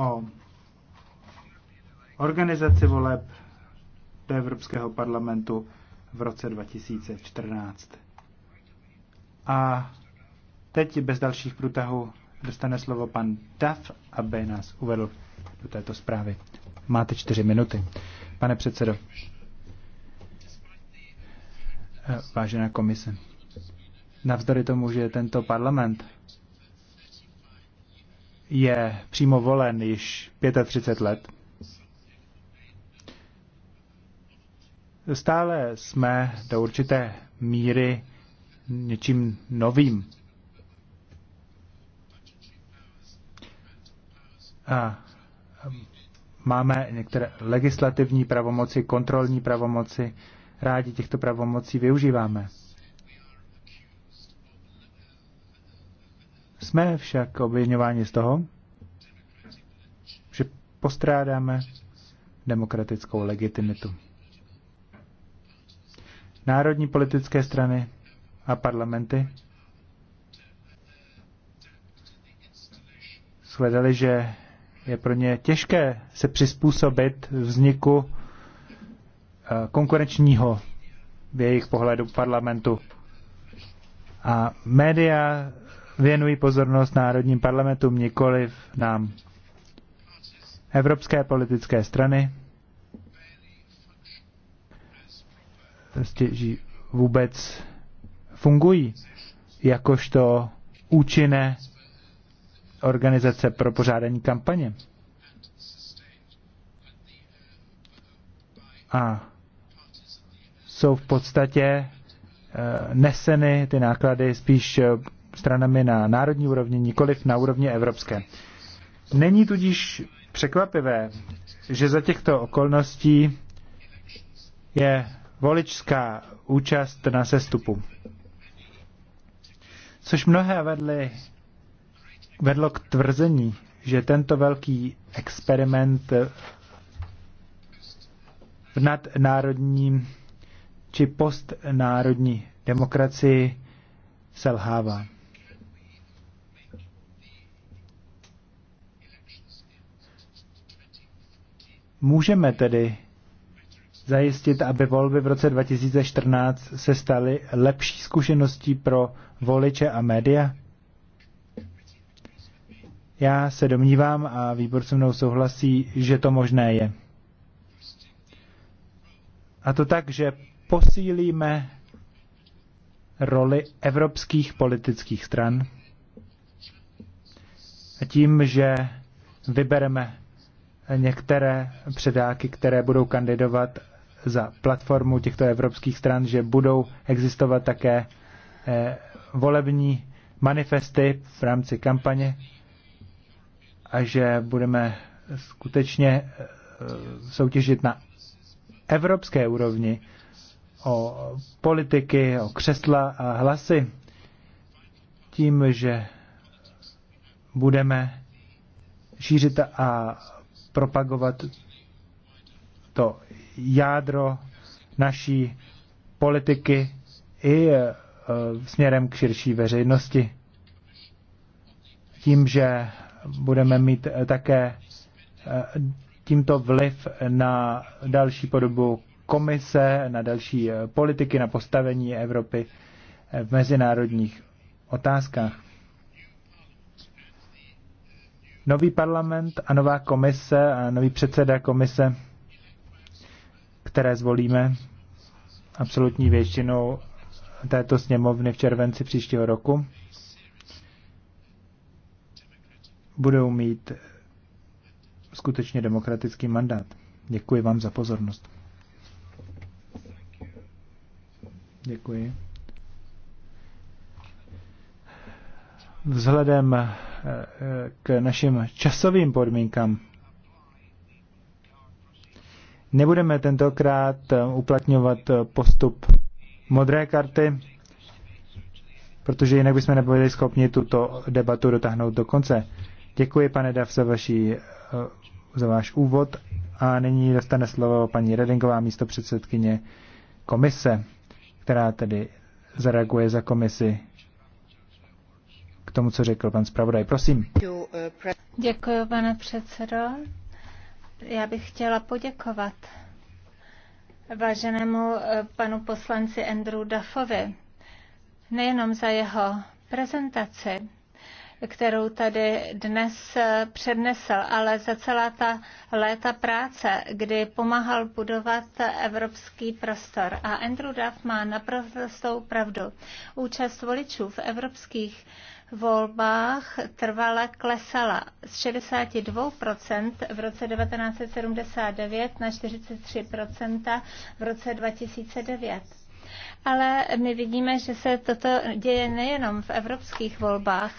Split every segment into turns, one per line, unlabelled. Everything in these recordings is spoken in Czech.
o organizaci voleb do Evropského parlamentu v roce 2014. A teď bez dalších průtahů dostane slovo pan Duff, aby nás uvedl do této zprávy. Máte čtyři minuty. Pane předsedo, vážená komise, navzdory tomu, že tento parlament je přímo volen již 35 let. Stále jsme do určité míry něčím novým. A máme některé legislativní pravomoci, kontrolní pravomoci, rádi těchto pravomocí využíváme. Jsme však obvěňováni z toho, že postrádáme demokratickou legitimitu. Národní politické strany a parlamenty shledali, že je pro ně těžké se přizpůsobit vzniku eh, konkurenčního v jejich pohledu parlamentu. A média věnují pozornost národním parlamentům, v nám. Evropské politické strany stěží prostě vůbec fungují jakožto účinné organizace pro pořádání kampaně. A jsou v podstatě eh, neseny ty náklady spíš eh, stranami na národní úrovni, nikoliv na úrovni evropské. Není tudíž překvapivé, že za těchto okolností je voličská účast na sestupu. Což mnohé vedli, vedlo k tvrzení, že tento velký experiment v nadnárodní či postnárodní demokracii selhává. Můžeme tedy zajistit, aby volby v roce 2014 se staly lepší zkušeností pro voliče a média? Já se domnívám a výbor se mnou souhlasí, že to možné je. A to tak, že posílíme roli evropských politických stran a tím, že vybereme některé předáky, které budou kandidovat za platformu těchto evropských stran, že budou existovat také eh, volební manifesty v rámci kampaně a že budeme skutečně eh, soutěžit na evropské úrovni o politiky, o křesla a hlasy tím, že budeme šířit a propagovat to jádro naší politiky i e, směrem k širší veřejnosti. Tím, že budeme mít e, také e, tímto vliv na další podobu komise, na další politiky, na postavení Evropy v mezinárodních otázkách. Nový parlament a nová komise a nový předseda komise, které zvolíme absolutní většinou této sněmovny v červenci příštího roku, budou mít skutečně demokratický mandát. Děkuji vám za pozornost. Děkuji. vzhledem eh, k našim časovým podmínkám nebudeme tentokrát eh, uplatňovat eh, postup modré karty, protože jinak bychom nebyli schopni tuto debatu dotáhnout do konce. Děkuji, pane Dav, za, vaši, za váš úvod a nyní dostane slovo paní Redingová, místo předsedkyně komise, která tedy zareaguje za komisi tomu, co řekl pan zpravodaj. Prosím.
Děkuji, pane předsedo. Já bych chtěla poděkovat váženému eh, panu poslanci Andrew Duffovi nejenom za jeho prezentaci, kterou tady dnes eh, přednesl, ale za celá ta léta práce, kdy pomáhal budovat evropský prostor. A Andrew Duff má naprostou pravdu. Účast voličů v evropských volbách trvala klesala z 62% v roce 1979 na 43% v roce 2009 ale my vidíme, že se toto děje nejenom v evropských volbách.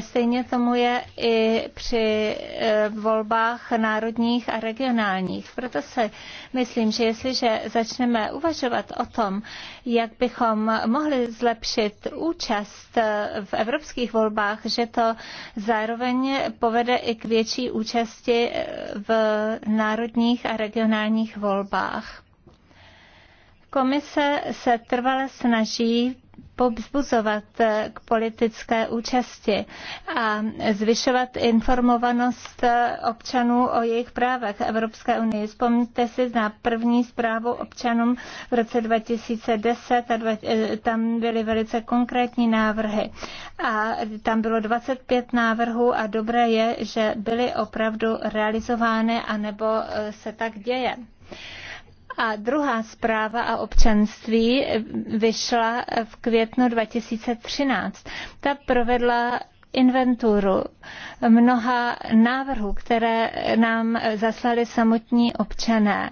Stejně tomu je i při e, volbách národních a regionálních. Proto se myslím, že jestliže začneme uvažovat o tom, jak bychom mohli zlepšit účast e, v evropských volbách, že to zároveň povede i k větší účasti e, v národních a regionálních volbách. Komise se trvale snaží povzbuzovat eh, k politické účasti a zvyšovat informovanost eh, občanů o jejich právech Evropské unie. Vzpomněte si na první zprávu občanům v roce 2010 a dva, eh, tam byly velice konkrétní návrhy. A tam bylo 25 návrhů a dobré je, že byly opravdu realizovány anebo se tak děje. A druhá zpráva a občanství vyšla v květnu 2013. Ta provedla inventuru mnoha návrhů, které nám zaslali samotní občané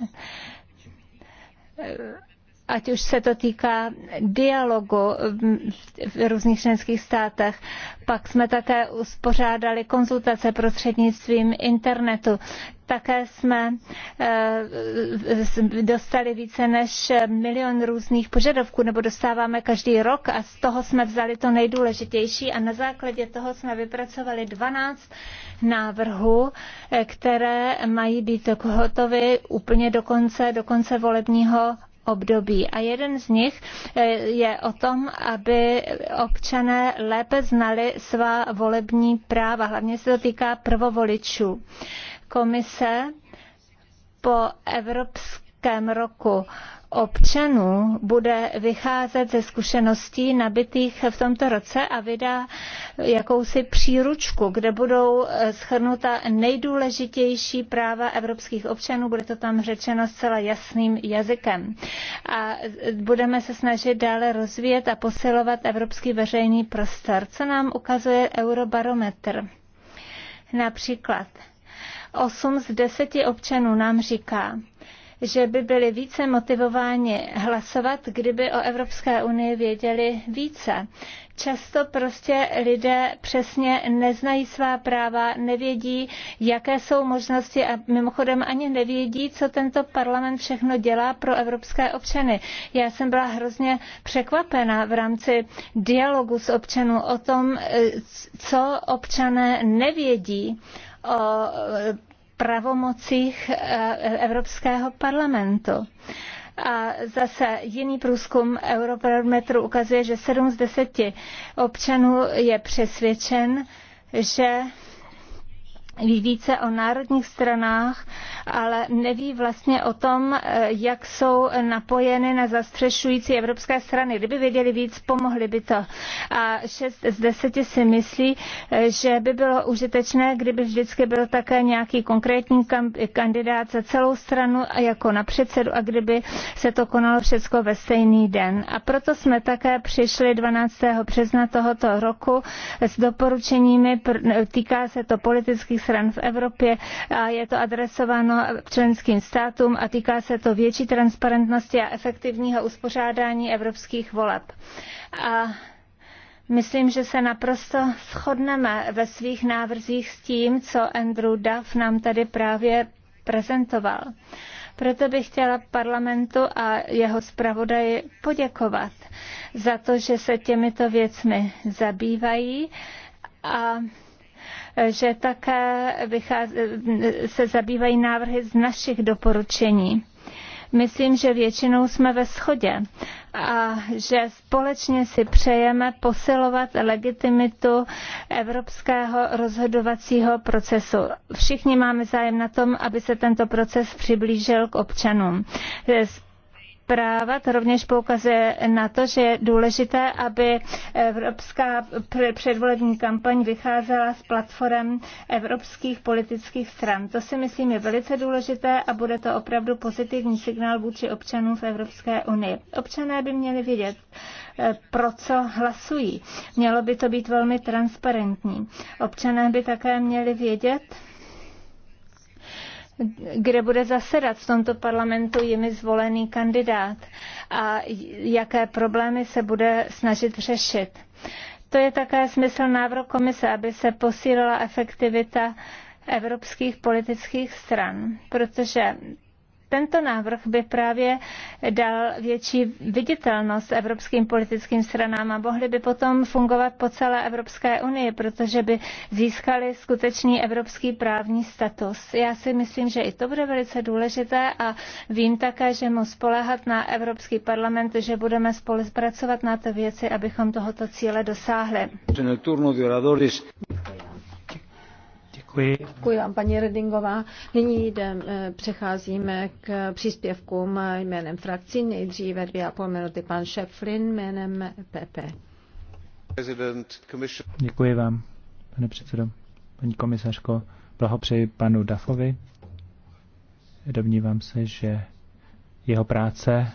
ať už se to týká dialogu v různých členských státech. Pak jsme také uspořádali konzultace prostřednictvím internetu. Také jsme eh, dostali více než milion různých požadavků, nebo dostáváme každý rok a z toho jsme vzali to nejdůležitější a na základě toho jsme vypracovali 12 návrhů, eh, které mají být hotovy úplně do konce, do konce volebního období. A jeden z nich eh, je o tom, aby občané lépe znali svá volební práva. Hlavně se to týká prvovoličů. Komise po evropském roku roku občanů bude vycházet ze zkušeností nabitých v tomto roce a vydá jakousi příručku, kde budou eh, schrnuta nejdůležitější práva evropských občanů. Bude to tam řečeno zcela jasným jazykem. A eh, budeme se snažit dále rozvíjet a posilovat evropský veřejný prostor, co nám ukazuje Eurobarometr. Například 8 z 10 občanů nám říká, že by byli více motivováni hlasovat, kdyby o Evropské unii věděli více. Často prostě lidé přesně neznají svá práva, nevědí, jaké jsou možnosti a mimochodem ani nevědí, co tento parlament všechno dělá pro evropské občany. Já jsem byla hrozně překvapena v rámci dialogu s občanů o tom, eh, co občané nevědí o pravomocích eh, Evropského parlamentu. A zase jiný průzkum Eurobarometru ukazuje, že 7 z 10 občanů je přesvědčen, že ví více o národních stranách, ale neví vlastně o tom, eh, jak jsou napojeny na zastřešující evropské strany. Kdyby věděli víc, pomohli by to. A šest z deseti si myslí, eh, že by bylo užitečné, kdyby vždycky byl také nějaký konkrétní kandidát za celou stranu a jako na předsedu a kdyby se to konalo všechno ve stejný den. A proto jsme také přišli 12. března tohoto roku s doporučeními, týká se to politických stran v Evropě a je to adresováno členským státům a týká se to větší transparentnosti a efektivního uspořádání evropských voleb. A Myslím, že se naprosto shodneme ve svých návrzích s tím, co Andrew Duff nám tady právě prezentoval. Proto bych chtěla parlamentu a jeho zpravodaji poděkovat za to, že se těmito věcmi zabývají a že také se zabývají návrhy z našich doporučení. Myslím, že většinou jsme ve shodě a že společně si přejeme posilovat legitimitu evropského rozhodovacího procesu. Všichni máme zájem na tom, aby se tento proces přiblížil k občanům práva, to rovněž poukazuje na to, že je důležité, aby evropská předvolební kampaň vycházela z platform evropských politických stran. To si myslím je velice důležité a bude to opravdu pozitivní signál vůči občanům v Evropské unii. Občané by měli vědět, eh, pro co hlasují. Mělo by to být velmi transparentní. Občané by také měli vědět, kde bude zasedat v tomto parlamentu jimi zvolený kandidát a jaké problémy se bude snažit řešit. To je také smysl návrhu komise, aby se posílila efektivita evropských politických stran, protože tento návrh by právě dal větší viditelnost evropským politickým stranám a mohly by potom fungovat po celé Evropské unii, protože by získali skutečný evropský právní status. Já si myslím, že i to bude velice důležité a vím také, že mu spolehat na Evropský parlament, že budeme spolupracovat na to, věci, abychom tohoto cíle
dosáhli. Děkuji. Děkuji vám, paní Redingová. Nyní jdem, eh, přecházíme k příspěvkům jménem frakcí. Nejdříve dvě a půl minuty pan Šeflin jménem PP.
Děkuji vám, pane předsedo. Paní komisařko, blahopřeji panu Dafovi. Domnívám se, že jeho práce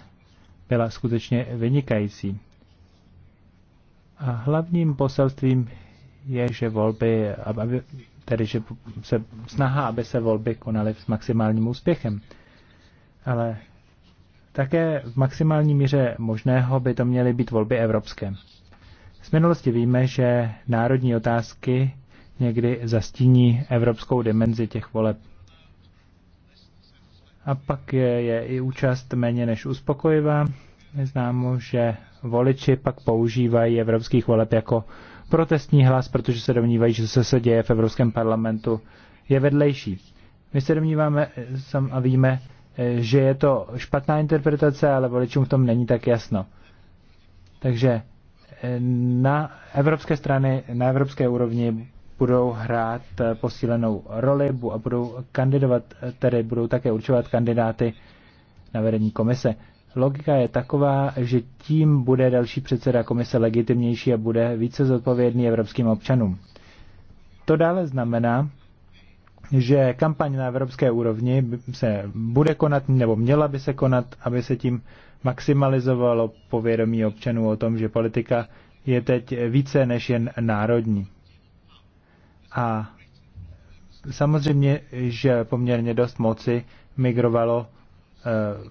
byla skutečně vynikající. A hlavním poselstvím je, že volby, aby tedy že se snaha, aby se volby konaly s maximálním úspěchem. Ale také v maximální míře možného by to měly být volby evropské. Z minulosti víme, že národní otázky někdy zastíní evropskou dimenzi těch voleb. A pak je, je i účast méně než uspokojivá. známo, že voliči pak používají evropských voleb jako protestní hlas, protože se domnívají, že se, se děje v Evropském parlamentu, je vedlejší. My se domníváme eh, sam a víme, eh, že je to špatná interpretace, ale voličům v tom není tak jasno. Takže eh, na evropské strany, na evropské úrovni budou hrát posílenou roli a budou kandidovat, tedy budou také určovat kandidáty na vedení komise. Logika je taková, že tím bude další předseda komise legitimnější a bude více zodpovědný evropským občanům. To dále znamená, že kampaň na evropské úrovni se bude konat, nebo měla by se konat, aby se tím maximalizovalo povědomí občanů o tom, že politika je teď více než jen národní. A samozřejmě, že poměrně dost moci migrovalo eh,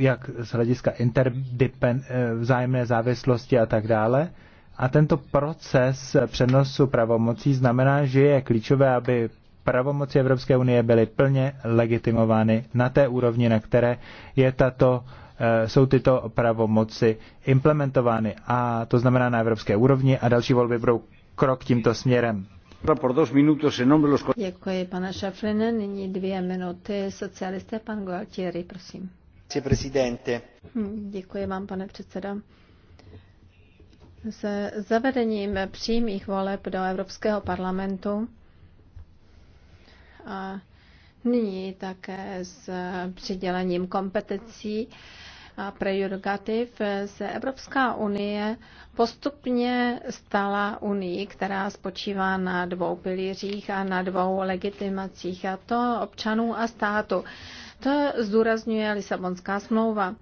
jak z hlediska interdepen, eh, vzájemné závislosti a tak dále. A tento proces přenosu pravomocí znamená, že je klíčové, aby pravomoci Evropské unie byly plně legitimovány na té úrovni, na které je tato, eh, jsou tyto pravomoci implementovány. A to znamená na evropské úrovni a další volby budou krok tímto směrem.
Děkuji, pane Šafrine. Nyní dvě minuty. Socialisté, pan Gualtieri, prosím. Hm, pane předseda. Se zavedením přímých voleb do Evropského parlamentu a nyní také s přidělením kompetencí a prejudikativ se Evropská unie postupně stala unii, která spočívá na dvou pilířích a na dvou legitimacích, a to občanů a státu. To zdůrazňuje Lisabonská smlouva.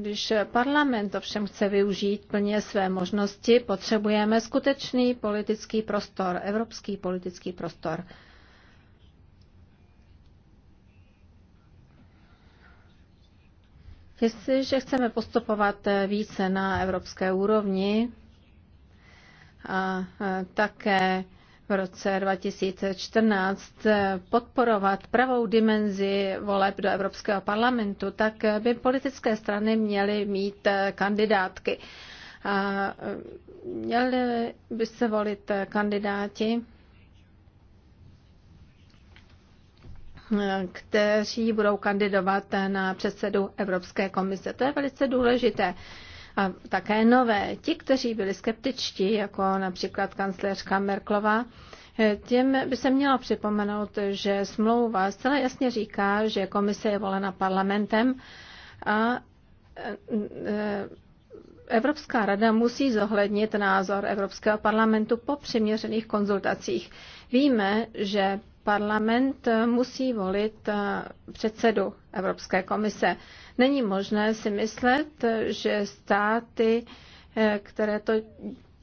Když parlament ovšem chce využít plně své možnosti, potřebujeme skutečný politický prostor, evropský politický prostor. Jestliže chceme postupovat více na evropské úrovni a také v roce 2014 podporovat pravou dimenzi voleb do Evropského parlamentu, tak by politické strany měly mít kandidátky. A měly by se volit kandidáti, kteří budou kandidovat na předsedu Evropské komise. To je velice důležité a také nové. Ti, kteří byli skeptičtí, jako například kancléřka Merklova, těm by se mělo připomenout, že smlouva zcela jasně říká, že komise je volena parlamentem a e, e, Evropská rada musí zohlednit názor Evropského parlamentu po přiměřených konzultacích. Víme, že parlament eh, musí volit eh, předsedu Evropské komise. Není možné si myslet, eh, že státy, které to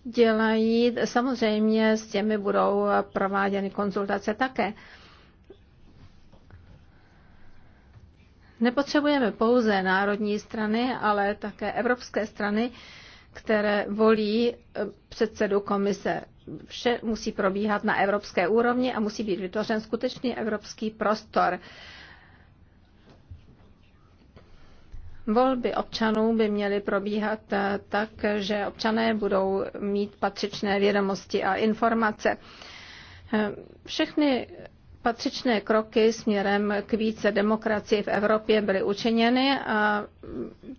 dělají, samozřejmě s těmi budou prováděny konzultace také. Nepotřebujeme pouze národní strany, ale také evropské strany, které volí předsedu komise vše musí probíhat na evropské úrovni a musí být vytvořen skutečný evropský prostor. Volby občanů by měly probíhat eh, tak, že občané budou mít patřičné vědomosti a informace. Eh, všechny patřičné kroky směrem k více demokracii v Evropě byly učiněny a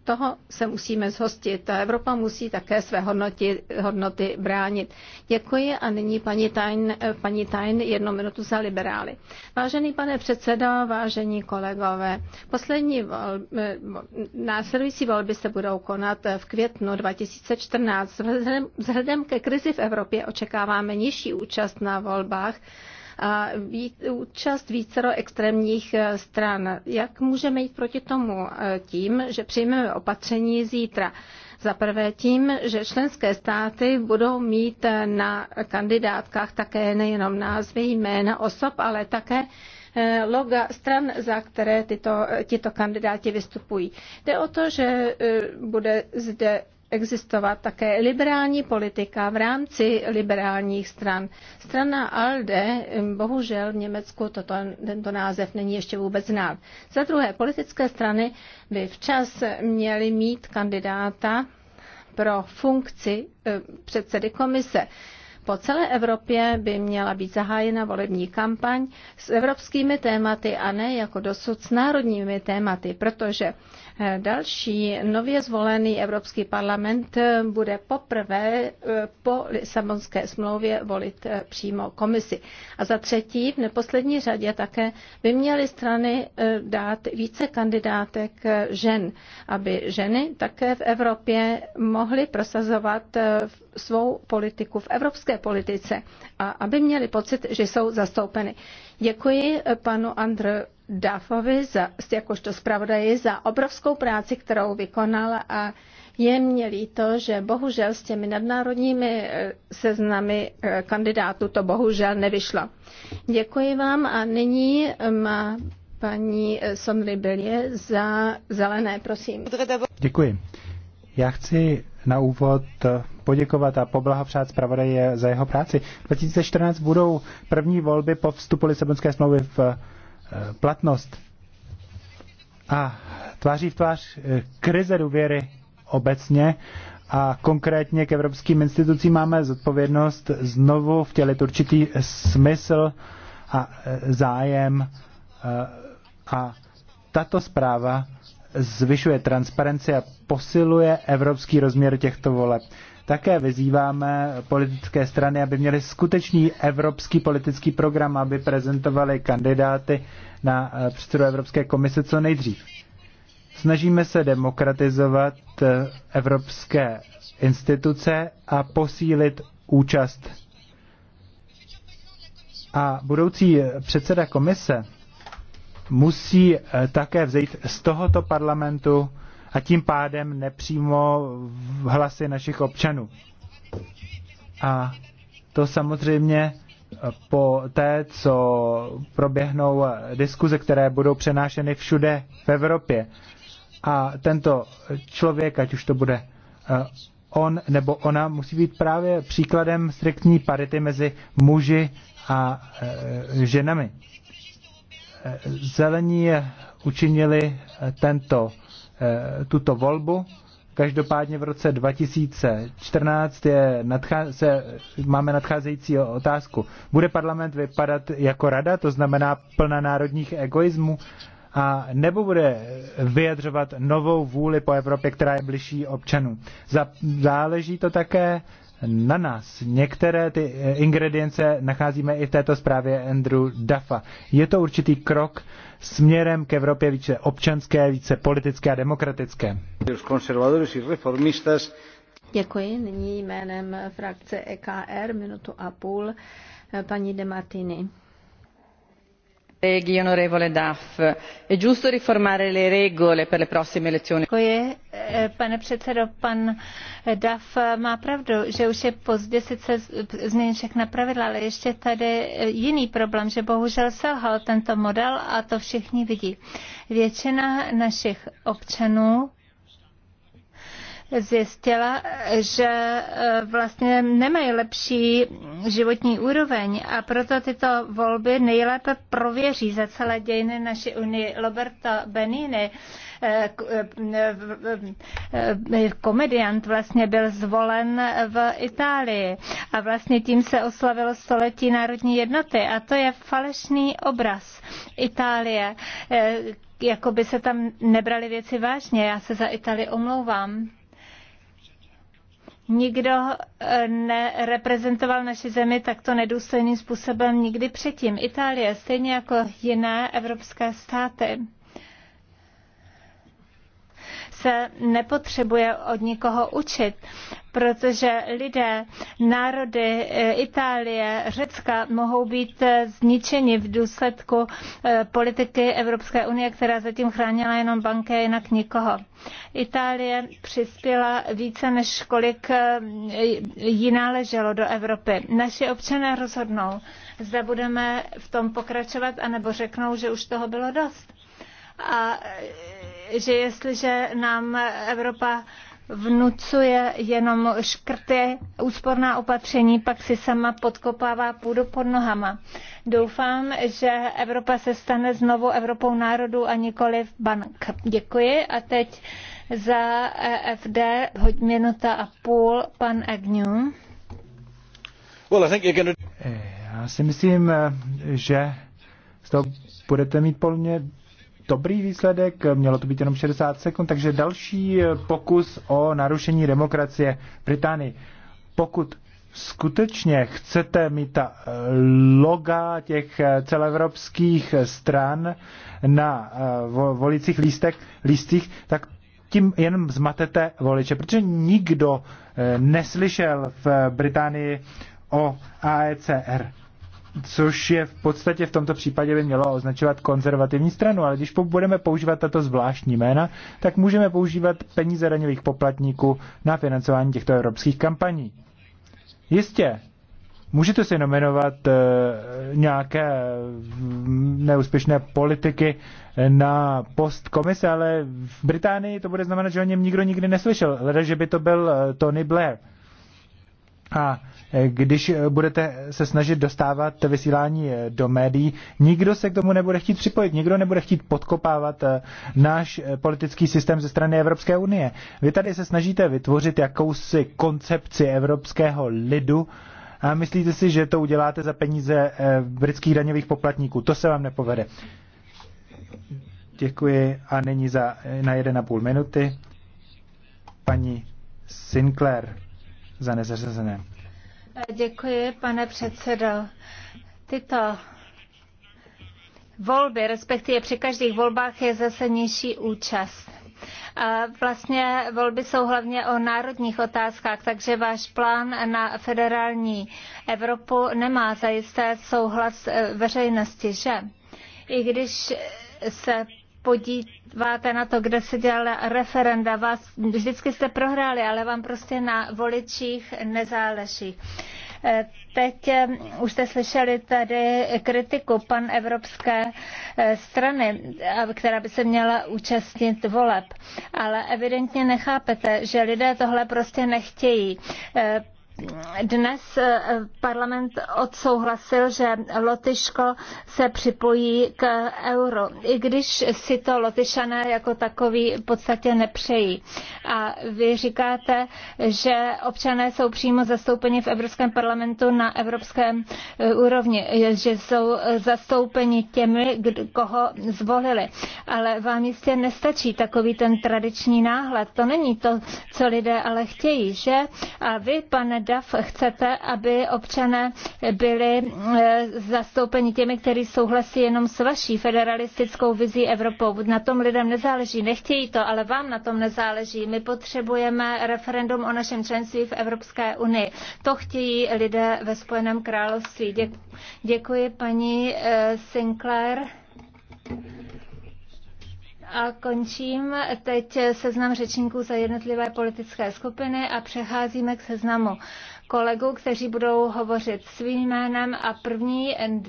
toho se musíme zhostit. A Evropa musí také své hodnoty, hodnoty bránit. Děkuji a nyní paní Tajn, paní Tajn jednu minutu za liberály. Vážený pane předseda, vážení kolegové, poslední volby, následující volby se budou konat v květnu 2014. Vzhledem, vzhledem ke krizi v Evropě očekáváme nižší účast na volbách a účast vícero extrémních eh, stran. Jak můžeme jít proti tomu eh, tím, že přijmeme opatření zítra? Za prvé tím, že členské státy budou mít eh, na kandidátkách také nejenom názvy, jména osob, ale také loga stran, za které tyto, tyto kandidáti vystupují. Jde o to, že bude zde existovat také liberální politika v rámci liberálních stran. Strana ALDE, bohužel v Německu toto, tento název není ještě vůbec znát. Za druhé, politické strany by včas měly mít kandidáta pro funkci eh, předsedy komise. Po celé Evropě by měla být zahájena volební kampaň s evropskými tématy a ne jako dosud s národními tématy, protože Další nově zvolený Evropský parlament bude poprvé eh, po Lisabonské smlouvě volit eh, přímo komisi. A za třetí, v neposlední řadě také by měly strany eh, dát více kandidátek žen, aby ženy také v Evropě mohly prosazovat svou politiku v evropské politice a aby měly pocit, že jsou zastoupeny. Děkuji panu Andr Dafovi za, jakožto zpravodaji za obrovskou práci, kterou vykonal a je mě líto, že bohužel s těmi nadnárodními eh, seznamy eh, kandidátů to bohužel nevyšlo. Děkuji vám a nyní eh, má paní Sonry Bilje za zelené, prosím.
Děkuji. Já chci na úvod poděkovat a poblahopřát zpravodaji za jeho práci. 2014 budou první volby po vstupu Lisabonské smlouvy v Eh, platnost a tváří v tvář eh, krize důvěry obecně a konkrétně k evropským institucím máme zodpovědnost znovu vtělit určitý smysl a eh, zájem a tato zpráva zvyšuje transparenci a posiluje evropský rozměr těchto voleb. Také vyzýváme politické strany, aby měly skutečný evropský politický program, aby prezentovali kandidáty na eh, předsedu Evropské komise co nejdřív. Snažíme se demokratizovat eh, evropské instituce a posílit účast. A budoucí předseda komise musí eh, také vzejít z tohoto parlamentu a tím pádem nepřímo v hlasy našich občanů. A to samozřejmě po té, co proběhnou diskuze, které budou přenášeny všude v Evropě. A tento člověk, ať už to bude eh, on nebo ona, musí být právě příkladem striktní parity mezi muži a eh, ženami. Eh, zelení učinili tento Eh, tuto volbu. Každopádně v roce 2014 je se, máme nadcházející otázku. Bude parlament vypadat jako rada, to znamená plna národních egoismů, a nebo bude vyjadřovat novou vůli po Evropě, která je bližší občanům. Záleží to také na nás. Některé ty eh, ingredience nacházíme i v této zprávě Andrew Duffa. Je to určitý krok směrem k Evropě více občanské, více politické a demokratické.
Děkuji. Nyní jménem frakce EKR minutu a půl eh, paní Demartini duff
pane předsedající pan eh, duff eh, má pravdu že už je pozdě sice změnit všechna pravidla ale ještě tady eh, jiný problém že bohužel selhal tento model a to všichni vidí. většina našich občanů zjistila, že eh, vlastně nemají lepší životní úroveň a proto tyto volby nejlépe prověří za celé dějiny naší unie. Roberto Benini, komediant, vlastně byl zvolen v Itálii a vlastně tím se oslavilo století národní jednoty a to je falešný obraz Itálie, eh, jako by se tam nebrali věci vážně. Já se za Itálii omlouvám. Nikdo eh, nereprezentoval naši zemi takto nedůstojným způsobem nikdy předtím. Itálie, stejně jako jiné evropské státy, se nepotřebuje od nikoho učit, protože lidé, národy eh, Itálie, Řecka mohou být eh, zničeni v důsledku eh, politiky Evropské unie, která zatím chránila jenom banky, jinak nikoho. Itálie přispěla více než kolik jiná leželo do Evropy. Naši občané rozhodnou, zda budeme v tom pokračovat, anebo řeknou, že už toho bylo dost a e, že jestliže nám Evropa vnucuje jenom škrty, úsporná opatření, pak si sama podkopává půdu pod nohama. Doufám, že Evropa se stane znovu Evropou národů a nikoli v bank. Děkuji a teď za EFD hoď minuta a půl pan Agnew.
Well, I think you're gonna... Já si myslím, že z toho budete mít poměrně dobrý výsledek, mělo to být jenom 60 sekund, takže další eh, pokus o narušení demokracie v Británii. Pokud skutečně chcete mít ta eh, loga těch eh, celoevropských stran na volicích lístek, lístích, tak tím jenom zmatete voliče, protože nikdo neslyšel v Británii o AECR což je v podstatě v tomto případě by mělo označovat konzervativní stranu, ale když budeme používat tato zvláštní jména, tak můžeme používat peníze daňových poplatníků na financování těchto evropských kampaní. Jistě, můžete si nominovat eh, nějaké mm, neúspěšné politiky na post komise, ale v Británii to bude znamenat, že o něm nikdo nikdy neslyšel, leda, že by to byl eh, Tony Blair. A e, když e, budete se snažit dostávat vysílání e, do médií, nikdo se k tomu nebude chtít připojit, nikdo nebude chtít podkopávat náš politický systém ze strany Evropské unie. Vy tady se snažíte vytvořit jakousi koncepci evropského lidu a myslíte si, že to uděláte za peníze britských daňových poplatníků. To se vám nepovede. Děkuji a není za, na půl minuty paní Sinclair za nezařazené.
Děkuji, pane předsedo. Tyto volby, respektive při každých volbách je zase nižší účast. A vlastně volby jsou hlavně o národních otázkách, takže váš plán na federální Evropu nemá zajisté souhlas eh, veřejnosti, že? I když se podíváte na to, kde se dělala referenda, vás vždycky jste prohráli, ale vám prostě na voličích nezáleží. Eh, teď eh, už jste slyšeli tady kritiku pan Evropské eh, strany, která by se měla účastnit voleb. Ale evidentně nechápete, že lidé tohle prostě nechtějí. Dnes eh, parlament odsouhlasil, že Lotyško se připojí k euro, i když si to Lotyšané jako takový v podstatě nepřejí. A vy říkáte, že občané jsou přímo zastoupeni v Evropském parlamentu na evropském eh, úrovni, že jsou eh, zastoupeni těmi, koho zvolili. Ale vám jistě nestačí takový ten tradiční náhled. To není to, co lidé ale chtějí, že? A vy, pane DAF chcete, aby občané byli eh, zastoupeni těmi, kteří souhlasí jenom s vaší federalistickou vizí Evropou. Na tom lidem nezáleží, nechtějí to, ale vám na tom nezáleží. My potřebujeme referendum o našem členství v Evropské unii. To chtějí lidé ve Spojeném království. Děkuji paní eh, Sinclair. A končím teď seznam řečníků za jednotlivé politické skupiny a přecházíme k seznamu kolegů, kteří budou hovořit svým jménem a první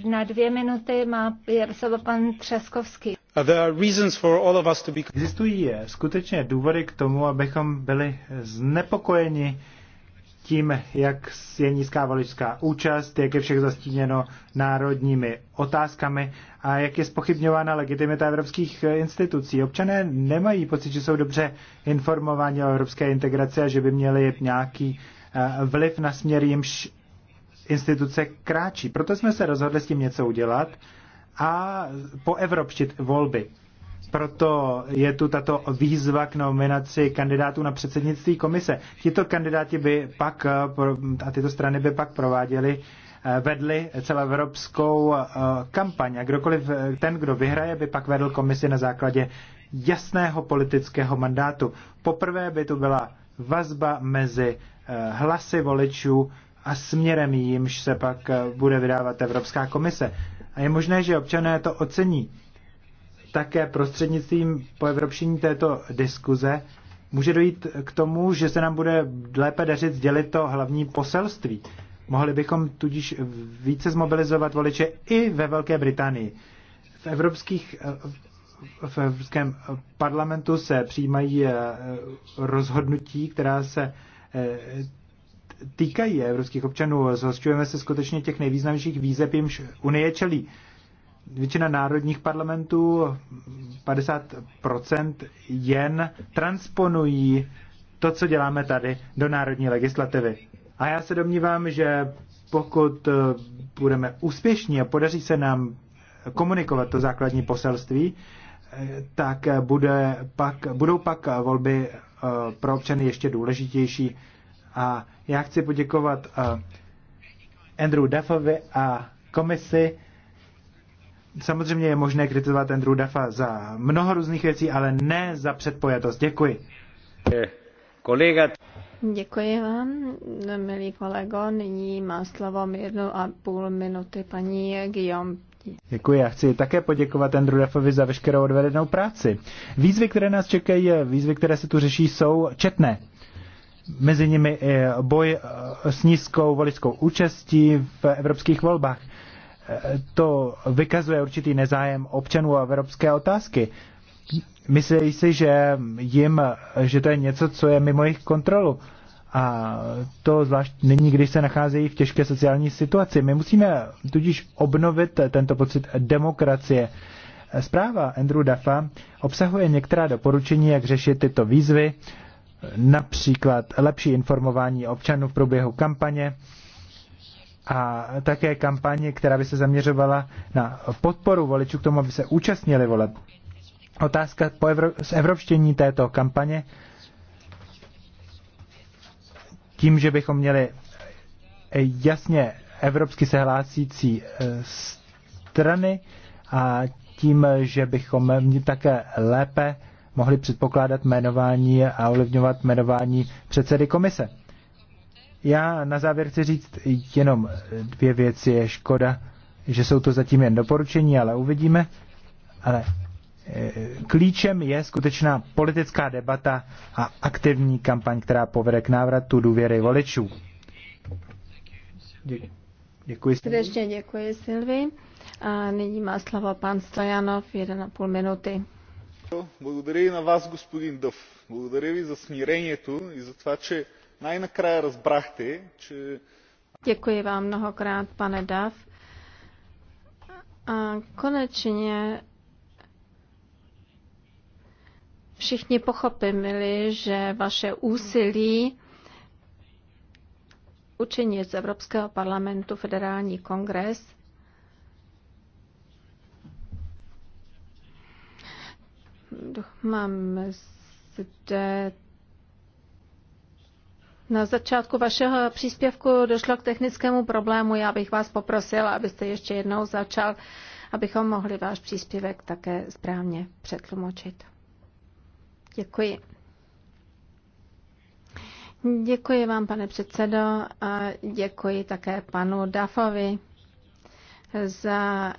na dvě minuty má je slovo pan Třeskovský.
Uh, Existují eh, skutečně důvody k tomu, abychom byli znepokojeni tím, jak je nízká voličská účast, jak je všech zastíněno národními otázkami a jak je spochybňována legitimita evropských institucí. Občané nemají pocit, že jsou dobře informováni o evropské integraci a že by měli nějaký eh, vliv na směr, jimž instituce kráčí. Proto jsme se rozhodli s tím něco udělat a poevropštit volby. Proto je tu tato výzva k nominaci kandidátů na předsednictví komise. Tito kandidáti by pak eh, a tyto strany by pak prováděly eh, vedli celoevropskou eh, kampaň a kdokoliv ten, kdo vyhraje, by pak vedl komisi na základě jasného politického mandátu. Poprvé by tu byla vazba mezi hlasy voličů a směrem jimž se pak bude vydávat Evropská komise. A je možné, že občané to ocení také prostřednictvím poevropštění této diskuze může dojít k tomu, že se nám bude lépe dařit sdělit to hlavní poselství. Mohli bychom tudíž více zmobilizovat voliče i ve Velké Británii. V evropských v Evropském parlamentu se přijímají eh, rozhodnutí, která se eh, týkají evropských občanů. Zhostujeme se skutečně těch nejvýznamnějších výzev, jimž Unie čelí většina národních parlamentů, 50% jen transponují to, co děláme tady, do národní legislativy. A já se domnívám, že pokud eh, budeme úspěšní a podaří se nám komunikovat to základní poselství, eh, tak bude pak, budou pak volby eh, pro občany ještě důležitější. A já chci poděkovat Andrew Duffovi a komisi Samozřejmě je možné kritizovat ten Dafa za mnoho různých věcí, ale ne za předpojatost. Děkuji. Eh, kolega.
Děkuji vám, milý kolego. Nyní má slovo jednu a půl minuty paní Guillaume.
Děkuji, já chci také poděkovat Andrew Duffovi za veškerou odvedenou práci. Výzvy, které nás čekají, eh, výzvy, které se tu řeší, jsou četné. Mezi nimi boj eh, s nízkou voličskou účastí v evropských volbách to vykazuje určitý nezájem občanů a evropské otázky. Myslí si, že jim, že to je něco, co je mimo jejich kontrolu. A to zvlášť není, když se nacházejí v těžké sociální situaci. My musíme tudíž obnovit tento pocit demokracie. Zpráva Andrew Duffa obsahuje některá doporučení, jak řešit tyto výzvy, například lepší informování občanů v průběhu kampaně, a také kampaně, která by se zaměřovala na podporu voličů k tomu, aby se účastnili voleb. Otázka po evro- z evropštění této kampaně tím, že bychom měli jasně evropsky sehlásící eh, strany a tím, že bychom měli také lépe mohli předpokládat jmenování a ovlivňovat jmenování předsedy komise. Já na závěr chci říct jenom dvě věci. Je škoda, že jsou to zatím jen doporučení, ale uvidíme. Ale eh, klíčem je skutečná politická debata a aktivní kampaň, která povede k návratu důvěry voličů. Děkuji. Srdečně
děkuji, Silvi. A nyní má slovo pan Stojanov, 1,5 minuty.
Děkuji и на вас, господин Дъв. za ви tu i za to, že
Děkuji vám mnohokrát, pane Dav. A konečně všichni pochopili, že vaše úsilí učinit z Evropského parlamentu federální kongres Mám zde na začátku vašeho příspěvku došlo k technickému problému. Já bych vás poprosila, abyste ještě jednou začal, abychom mohli váš příspěvek také správně přetlumočit. Děkuji. Děkuji vám, pane předsedo, a děkuji také panu Dafovi za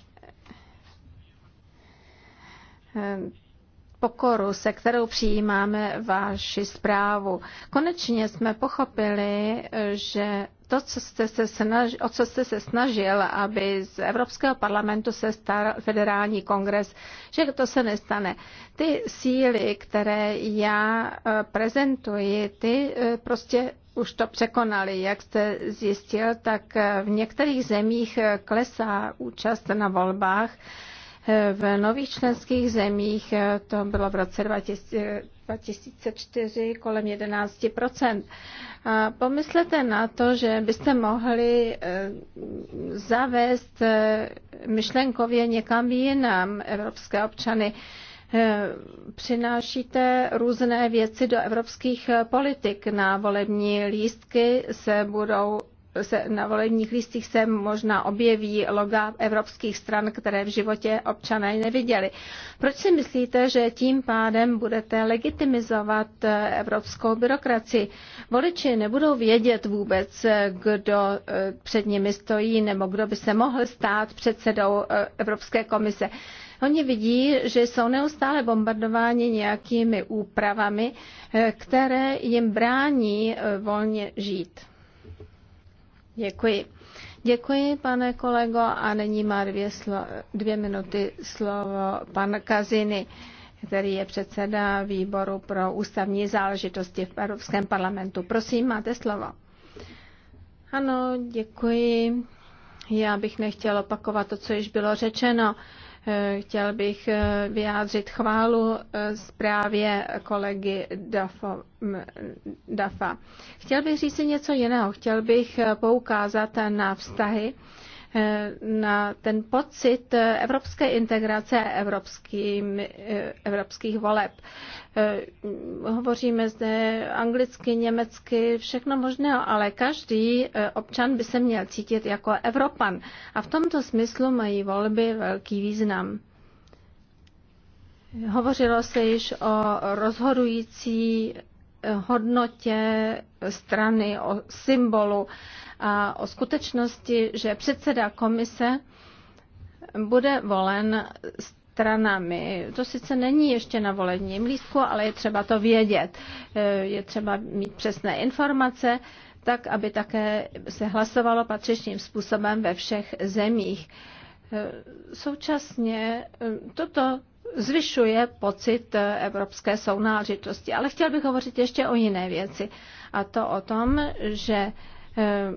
pokoru, se kterou přijímáme vaši zprávu. Konečně jsme pochopili, že to, co jste se snažil, o co jste se snažil, aby z Evropského parlamentu se stal federální kongres, že to se nestane. Ty síly, které já eh, prezentuji, ty eh, prostě už to překonali. Jak jste zjistil, tak eh, v některých zemích klesá účast na volbách v nových členských zemích eh, to bylo v roce 2004 eh, kolem 11 A Pomyslete na to, že byste mohli eh, zavést myšlenkově někam jinam evropské občany přinášíte různé věci do evropských politik. Na volební lístky se budou se na volebních lístcích se možná objeví loga evropských stran, které v životě občané neviděli. Proč si myslíte, že tím pádem budete legitimizovat evropskou byrokracii? Voliči nebudou vědět vůbec, kdo eh, před nimi stojí nebo kdo by se mohl stát předsedou eh, Evropské komise. Oni vidí, že jsou neustále bombardováni nějakými úpravami, eh, které jim brání volně žít. Děkuji. Děkuji, pane kolego, a nyní má dvě, slo- dvě minuty slovo pan Kaziny, který je předseda výboru pro ústavní záležitosti v Evropském parlamentu. Prosím, máte slovo. Ano, děkuji. Já bych nechtěla opakovat to, co již bylo řečeno. Chtěl bych eh, vyjádřit chválu eh, zprávě kolegy Dafo, Dafa. Chtěl bych říct si něco jiného. Chtěl bych eh, poukázat na vztahy Eh, na ten pocit evropské integrace evropským, eh, evropských voleb. Eh, hovoříme zde anglicky, německy, všechno možné, ale každý občan by se měl cítit jako Evropan. A v tomto smyslu mají volby velký význam. Hovořilo se již o rozhodující hodnotě strany, o symbolu a o skutečnosti, že předseda komise bude volen stranami. To sice není ještě na volebním lístku, ale je třeba to vědět. Eh, je třeba mít přesné informace, tak aby také se hlasovalo patřičným způsobem ve všech zemích. Eh, současně eh, toto zvyšuje pocit eh, evropské sounáležitosti. Ale chtěl bych hovořit ještě o jiné věci. A to o tom, že eh,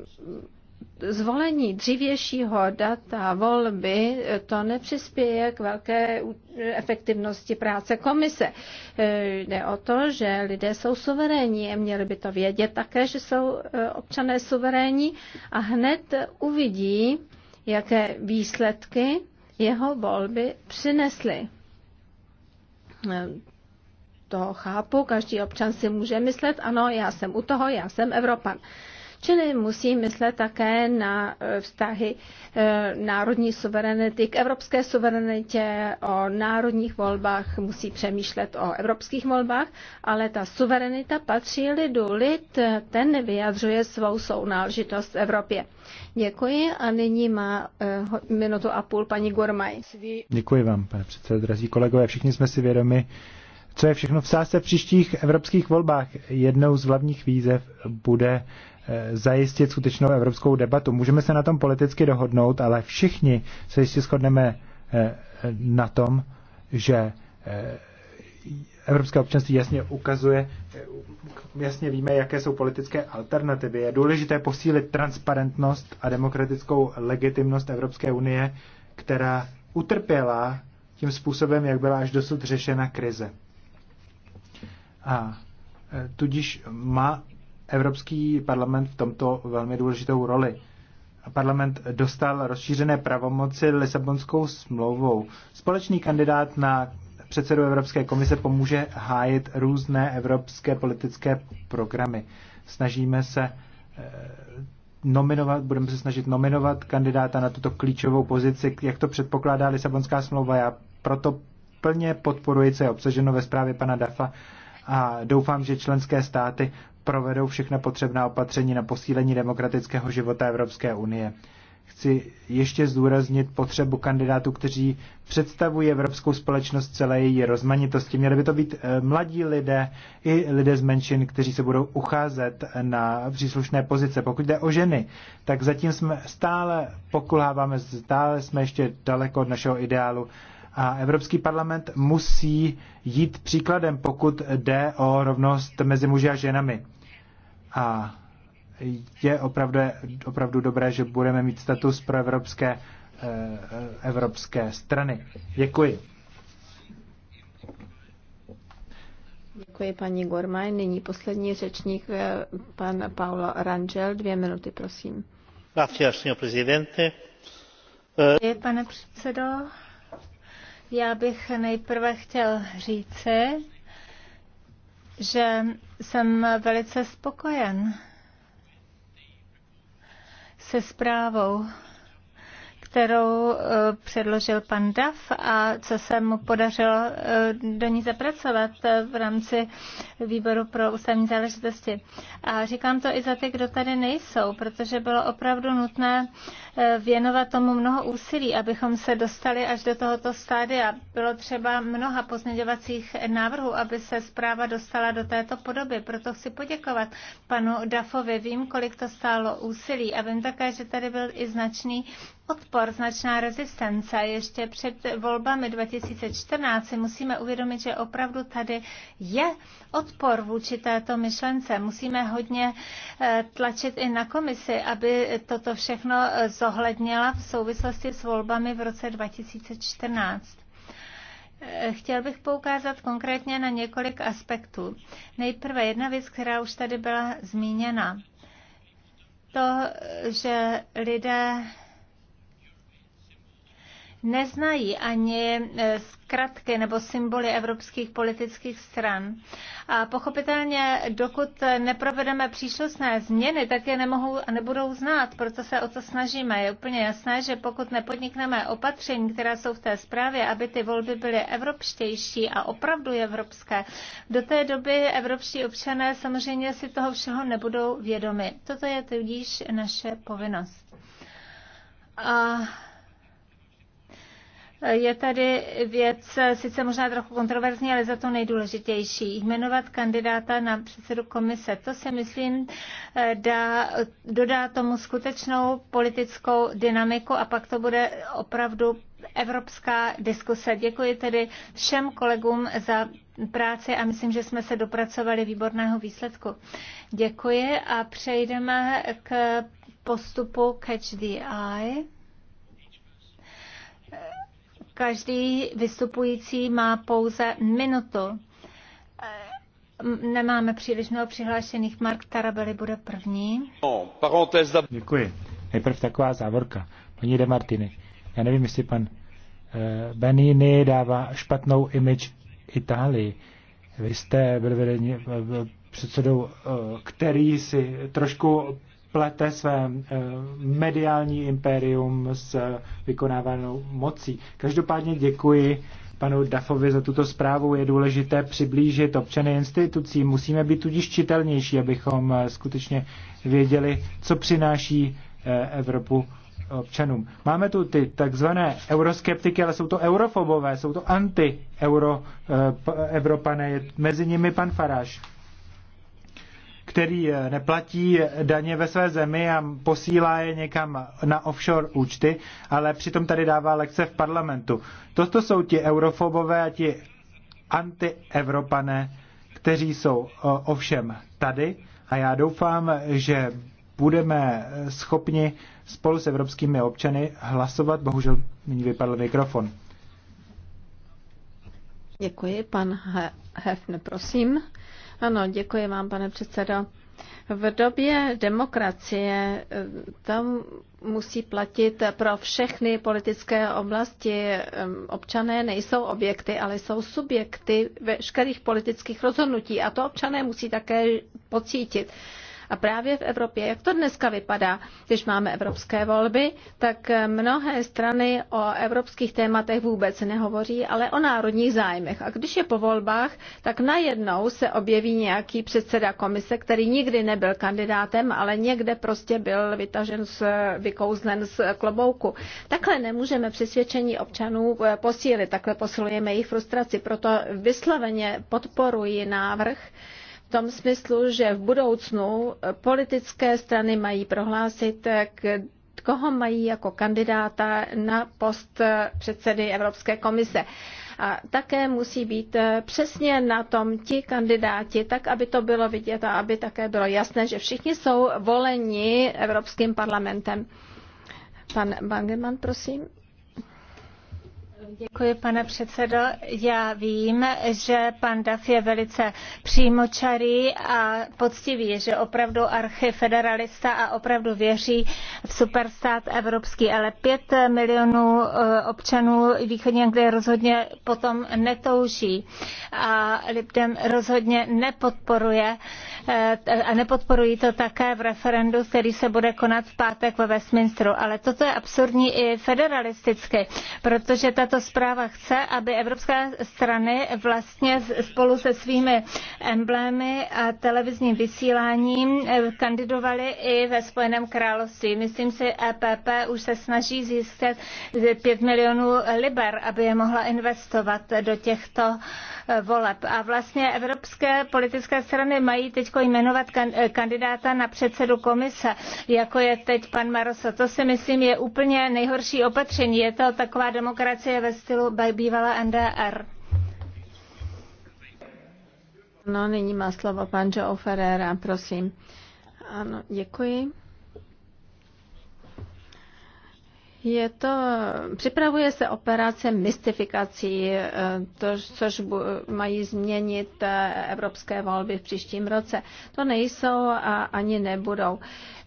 zvolení dřívějšího data volby eh, to nepřispěje k velké efektivnosti práce komise. Jde o to, že lidé jsou suverénní a měli by to vědět také, že jsou občané suverénní a hned uvidí, jaké výsledky jeho volby přinesly. Eh, to chápu, každý občan si může myslet, ano, já jsem u toho, já jsem Evropan. Čili musí myslet také na e, vztahy e, národní suverenity k evropské suverenitě, o národních volbách, musí přemýšlet o evropských volbách, ale ta suverenita patří lidu. Lid e, ten vyjadřuje svou sounáležitost v Evropě. Děkuji a nyní má minutu a půl paní Gormaj.
Děkuji vám, pane předsedo, drazí kolegové. Všichni jsme si vědomi, co je všechno v sázce v příštích evropských volbách. Jednou z hlavních výzev bude eh, zajistit skutečnou evropskou debatu. Můžeme se na tom politicky dohodnout, ale všichni se jistě shodneme eh, na tom, že eh, evropské občanství jasně ukazuje, jasně víme, jaké jsou politické alternativy. Je důležité posílit transparentnost a demokratickou legitimnost Evropské unie, která utrpěla tím způsobem, jak byla až dosud řešena krize. A e, tudíž má Evropský parlament v tomto velmi důležitou roli. Parlament dostal rozšířené pravomoci Lisabonskou smlouvou. Společný kandidát na předsedu Evropské komise pomůže hájit různé evropské politické programy. Snažíme se e, nominovat, budeme se snažit nominovat kandidáta na tuto klíčovou pozici, jak to předpokládá Lisabonská smlouva. Já proto plně podporuji, co je obsaženo ve zprávě pana Dafa a doufám, že členské státy provedou všechna potřebná opatření na posílení demokratického života Evropské unie. Chci ještě zdůraznit potřebu kandidátů, kteří představují evropskou společnost celé její rozmanitosti. Měli by to být eh, mladí lidé i lidé z menšin, kteří se budou ucházet na příslušné pozice. Pokud jde o ženy, tak zatím jsme stále pokulháváme, stále jsme ještě daleko od našeho ideálu a Evropský parlament musí jít příkladem, pokud jde o rovnost mezi muži a ženami. A je opravdu, opravdu dobré, že budeme mít status pro evropské, eh, eh, evropské strany. Děkuji.
Děkuji paní Gormaj. Nyní poslední řečník, eh, pan Paolo Rangel. Dvě minuty, prosím.
Gracias, señor presidente.
Pane
předsedo, já bych nejprve chtěl říci, že jsem velice spokojen se zprávou kterou eh, předložil pan Daf a co se mu podařilo eh, do ní zapracovat eh, v rámci výboru pro ústavní záležitosti. A říkám to i za ty, kdo tady nejsou, protože bylo opravdu nutné věnovat tomu mnoho úsilí, abychom se dostali až do tohoto stádia. Bylo třeba mnoha pozměňovacích návrhů, aby se zpráva dostala do této podoby. Proto chci poděkovat panu Dafovi. Vím, kolik to stálo úsilí a vím také, že tady byl i značný odpor, značná rezistence. Ještě před volbami 2014 si musíme uvědomit, že opravdu tady je odpor vůči této myšlence. Musíme hodně eh, tlačit i na komisi, aby toto všechno eh, zohlednila v souvislosti s volbami v roce 2014. Eh, chtěl bych poukázat konkrétně na několik aspektů. Nejprve jedna věc, která už tady byla zmíněna. To, že lidé neznají ani e, zkratky nebo symboly evropských politických stran. A pochopitelně, dokud neprovedeme příšlostné změny, tak je nemohou a nebudou znát, proto se o to snažíme. Je úplně jasné, že pokud nepodnikneme opatření, která jsou v té zprávě, aby ty volby byly evropštější a opravdu evropské, do té doby evropští občané samozřejmě si toho všeho nebudou vědomi. Toto je tudíž naše povinnost. A je tady věc, sice možná trochu kontroverzní, ale za to nejdůležitější. Jmenovat kandidáta na předsedu komise, to si myslím eh, dá, dodá tomu skutečnou politickou dynamiku a pak to bude opravdu evropská diskuse. Děkuji tedy všem kolegům za práci a myslím, že jsme se dopracovali výborného výsledku. Děkuji a přejdeme k postupu Catch the Eye. Každý vystupující má pouze minutu. Eh, nemáme příliš mnoho přihlášených. Mark Tarabeli bude první.
No, Děkuji. Nejprve taková závorka. Paní De Martini, já nevím, jestli pan eh, Benini dává špatnou image Itálii. Vy jste byl vedení eh, předsedou, který si trošku plete své eh, mediální impérium s eh, vykonávanou mocí. Každopádně děkuji panu Dafovi za tuto zprávu. Je důležité přiblížit občany institucí. Musíme být tudíž čitelnější, abychom eh, skutečně věděli, co přináší Evropu občanům. Máme tu ty takzvané euroskeptiky, ale jsou to eurofobové, jsou to anti-europané. Mezi nimi pan Faráš který eh, neplatí daně ve své zemi a posílá je někam na offshore účty, ale přitom tady dává lekce v parlamentu. Toto jsou ti eurofobové a ti antievropané, kteří jsou eh, ovšem tady a já doufám, že budeme eh, schopni spolu s evropskými občany hlasovat. Bohužel mi vypadl mikrofon.
Děkuji, pan Hefne, prosím. Ano, děkuji vám, pane předsedo. V době demokracie eh, tam musí platit pro všechny politické oblasti. Eh, občané nejsou objekty, ale jsou subjekty veškerých politických rozhodnutí a to občané musí také pocítit. A právě v Evropě, jak to dneska vypadá, když máme evropské volby, tak eh, mnohé strany o evropských tématech vůbec nehovoří, ale o národních zájmech. A když je po volbách, tak najednou se objeví nějaký předseda komise, který nikdy nebyl kandidátem, ale někde prostě byl vytažen, z, vykouzlen z klobouku. Takhle nemůžeme přesvědčení občanů eh, posílit, takhle posilujeme jejich frustraci. Proto vysloveně podporuji návrh, tom smyslu, že v budoucnu politické strany mají prohlásit, koho mají jako kandidáta na post předsedy Evropské komise. A také musí být přesně na tom ti kandidáti, tak aby to bylo vidět a aby také bylo jasné, že všichni jsou voleni Evropským parlamentem. Pan Bangeman, prosím. Děkuji, pane předsedo. Já vím,
že pan Duff je velice přímočarý a poctivý, že opravdu archifederalista a opravdu věří v superstát evropský, ale pět milionů eh, občanů východní Anglie rozhodně potom netouží a Libdem rozhodně nepodporuje eh, a nepodporují to také v referendu, který se bude konat v pátek ve Westminsteru. Ale toto je absurdní i federalisticky, protože tato tato zpráva chce, aby evropské strany vlastně spolu se svými emblémy a televizním vysíláním eh, kandidovaly i ve Spojeném království. Myslím si, EPP už se snaží získat 5 milionů liber, aby je mohla investovat do těchto eh, voleb. A vlastně evropské politické strany mají teď jmenovat eh, kandidáta na předsedu komise, jako je teď pan Maroso. To si myslím je úplně nejhorší opatření. Je to taková demokracie ve stylu bývalé NDR.
No, nyní má slovo pan Joe Ferreira, prosím. Ano, děkuji. Je to, připravuje se operace mystifikací, eh, to, což bu, mají změnit eh, evropské volby v příštím roce. To nejsou a ani nebudou.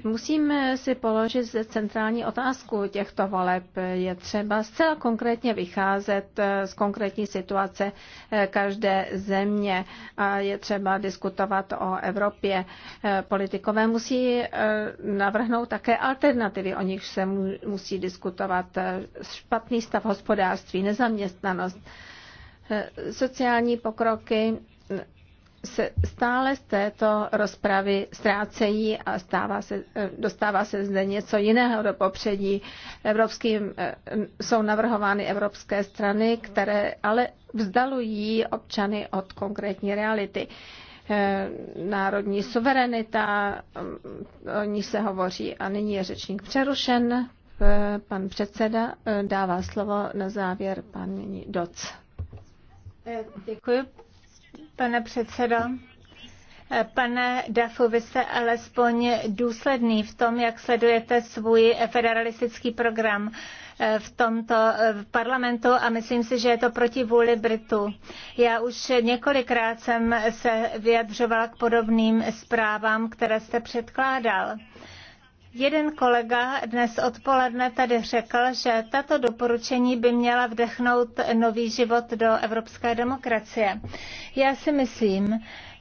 Musíme si položit centrální otázku těchto voleb. Je třeba zcela konkrétně vycházet eh, z konkrétní situace každé země a je třeba diskutovat o Evropě. Politikové musí navrhnout také alternativy, o nich se musí diskutovat diskutovat. Eh, špatný stav hospodářství, nezaměstnanost, eh, sociální pokroky eh, se stále z této rozpravy ztrácejí a stává se, dostává se zde něco jiného do popředí. Evropským, jsou navrhovány evropské strany, které ale vzdalují občany od konkrétní reality. Národní suverenita, mm, o ní se hovoří a nyní je řečník přerušen. Eh, pan předseda eh, dává slovo na závěr paní Doc. Eh, děkuji,
pane předsedo. Pane Dafu, vy jste alespoň důsledný v tom, jak sledujete svůj federalistický program v tomto parlamentu a myslím si, že je to proti vůli Britů. Já už několikrát jsem se vyjadřovala k podobným zprávám, které jste předkládal. Jeden kolega dnes odpoledne tady řekl, že tato doporučení by měla vdechnout nový život do evropské demokracie. Já si myslím,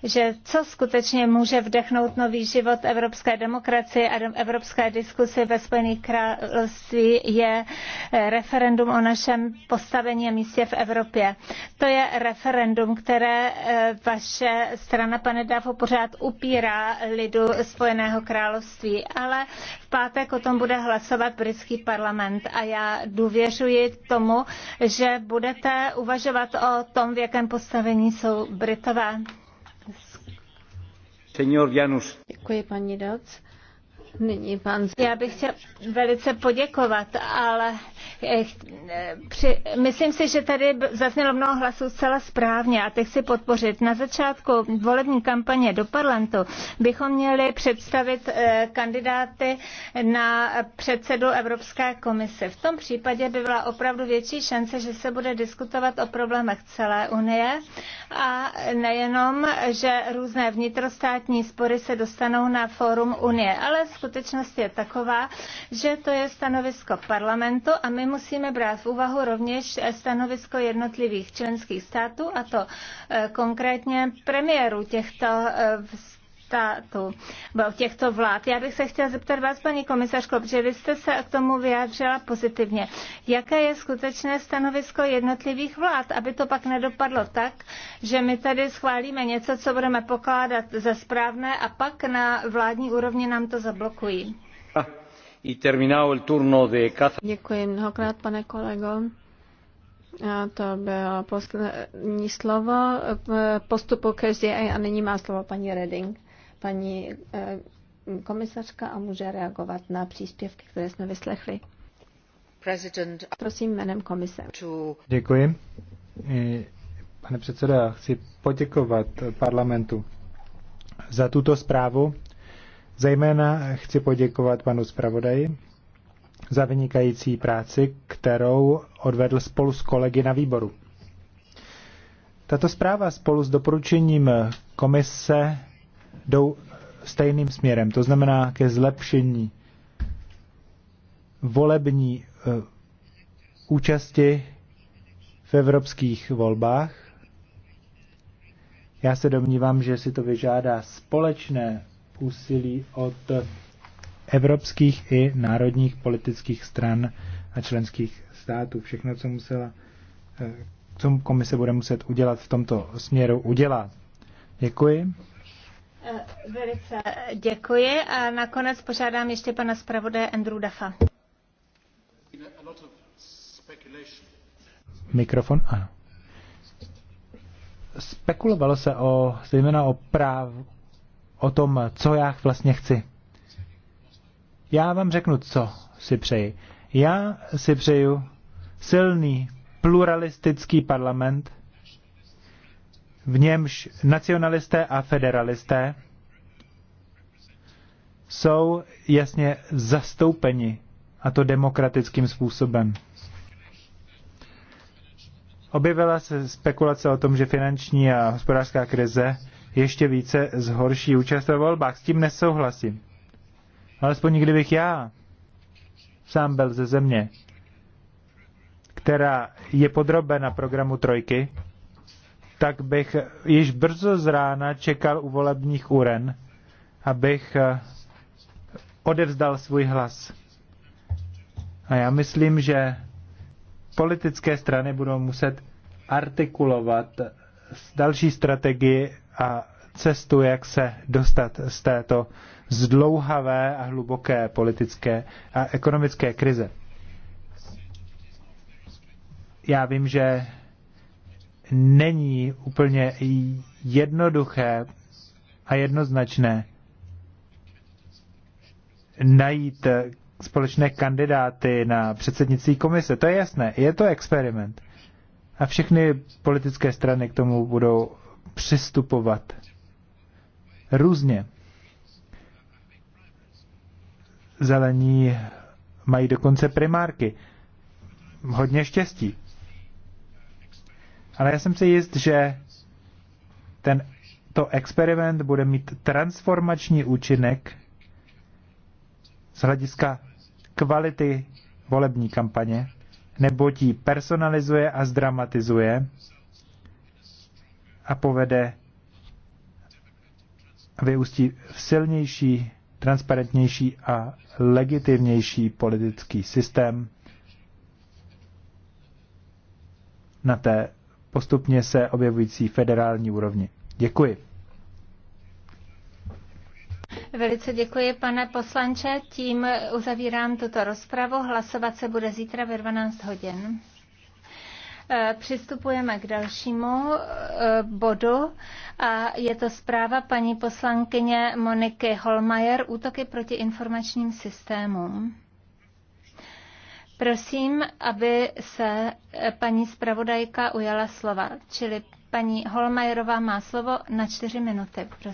že co skutečně může vdechnout nový život evropské demokracie a evropské diskusi ve Spojených království je eh, referendum o našem postavení a místě v Evropě. To je referendum, které eh, vaše strana, pane Davo, pořád upírá lidu Spojeného království, ale v pátek o tom bude hlasovat britský parlament a já důvěřuji tomu, že budete uvažovat o tom, v jakém postavení jsou Britové. Děkuji, paní zprávu. Nyní pan... Já bych chtěl velice poděkovat, ale eh, eh, při, myslím si, že tady zaznělo mnoho hlasů zcela správně a teď chci podpořit. Na začátku volební kampaně do parlamentu bychom měli představit eh, kandidáty na předsedu Evropské komise. V tom případě by byla opravdu větší šance, že se bude diskutovat o problémech celé Unie a nejenom, že různé vnitrostátní spory se dostanou na fórum Unie, ale skutečnost je taková, že to je stanovisko parlamentu a my musíme brát v úvahu rovněž stanovisko jednotlivých členských států a to eh, konkrétně premiérů těchto eh, bo těchto vlád. Já bych se chtěla zeptat vás, paní komisařko, protože vy jste se k tomu vyjádřila pozitivně. Jaké je skutečné stanovisko jednotlivých vlád, aby to pak nedopadlo tak, že my tady schválíme něco, co budeme pokládat za správné a pak na vládní úrovni
nám to zablokují? Ah, Děkuji mnohokrát, pane kolego. A to bylo poslední slovo postupu každé a nyní má slovo paní Reding paní eh, komisařka a může reagovat na příspěvky, které jsme vyslechli. Uh, Prosím jménem komise.
Děkuji. Pane předsedo, já chci poděkovat parlamentu za tuto zprávu. Zejména chci poděkovat panu zpravodaji za vynikající práci, kterou odvedl spolu s kolegy na výboru. Tato zpráva spolu s doporučením komise jdou stejným směrem, to znamená ke zlepšení volební eh, účasti v evropských volbách. Já se domnívám, že si to vyžádá společné úsilí od evropských i národních politických stran a členských států. Všechno, co musela, eh, co komise bude muset udělat v tomto směru, udělá. Děkuji.
Eh, velice děkuji a nakonec požádám ještě pana zpravodaje Andrew Dafa.
Mikrofon, ano. Spekulovalo se o, zejména o práv, o tom, co já vlastně chci. Já vám řeknu, co si přeji. Já si přeju silný pluralistický parlament, v němž nacionalisté a federalisté jsou jasně zastoupeni, a to demokratickým způsobem. Objevila se spekulace o tom, že finanční a hospodářská krize ještě více zhorší účast ve volbách. S tím nesouhlasím. Alespoň kdybych já sám byl ze země, která je podrobena programu Trojky, tak bych již brzo z rána čekal u volebních uren, abych eh, odevzdal svůj hlas. A já myslím, že politické strany budou muset artikulovat další strategii a cestu, jak se dostat z této zdlouhavé a hluboké politické a ekonomické krize. Já vím, že není úplně jednoduché a jednoznačné najít společné kandidáty na předsednictví komise. To je jasné, je to experiment. A všechny politické strany k tomu budou přistupovat různě. Zelení mají dokonce primárky. Hodně štěstí. Ale já jsem si jist, že ten, to experiment bude mít transformační účinek z hlediska kvality volební kampaně, neboť ji personalizuje a zdramatizuje a povede a vyústí v silnější, transparentnější a legitimnější politický systém na té postupně se objevující federální úrovni. Děkuji.
Velice děkuji, pane poslanče. Tím uzavírám tuto rozpravu. Hlasovat se bude zítra ve 12 hodin. Eh, přistupujeme k dalšímu eh, bodu a je to zpráva paní poslankyně Moniky Holmajer, útoky proti informačním systémům. Prosím, aby se eh, paní zpravodajka ujala slova, čili paní Holmajerová má slovo na čtyři minuty. Prosím.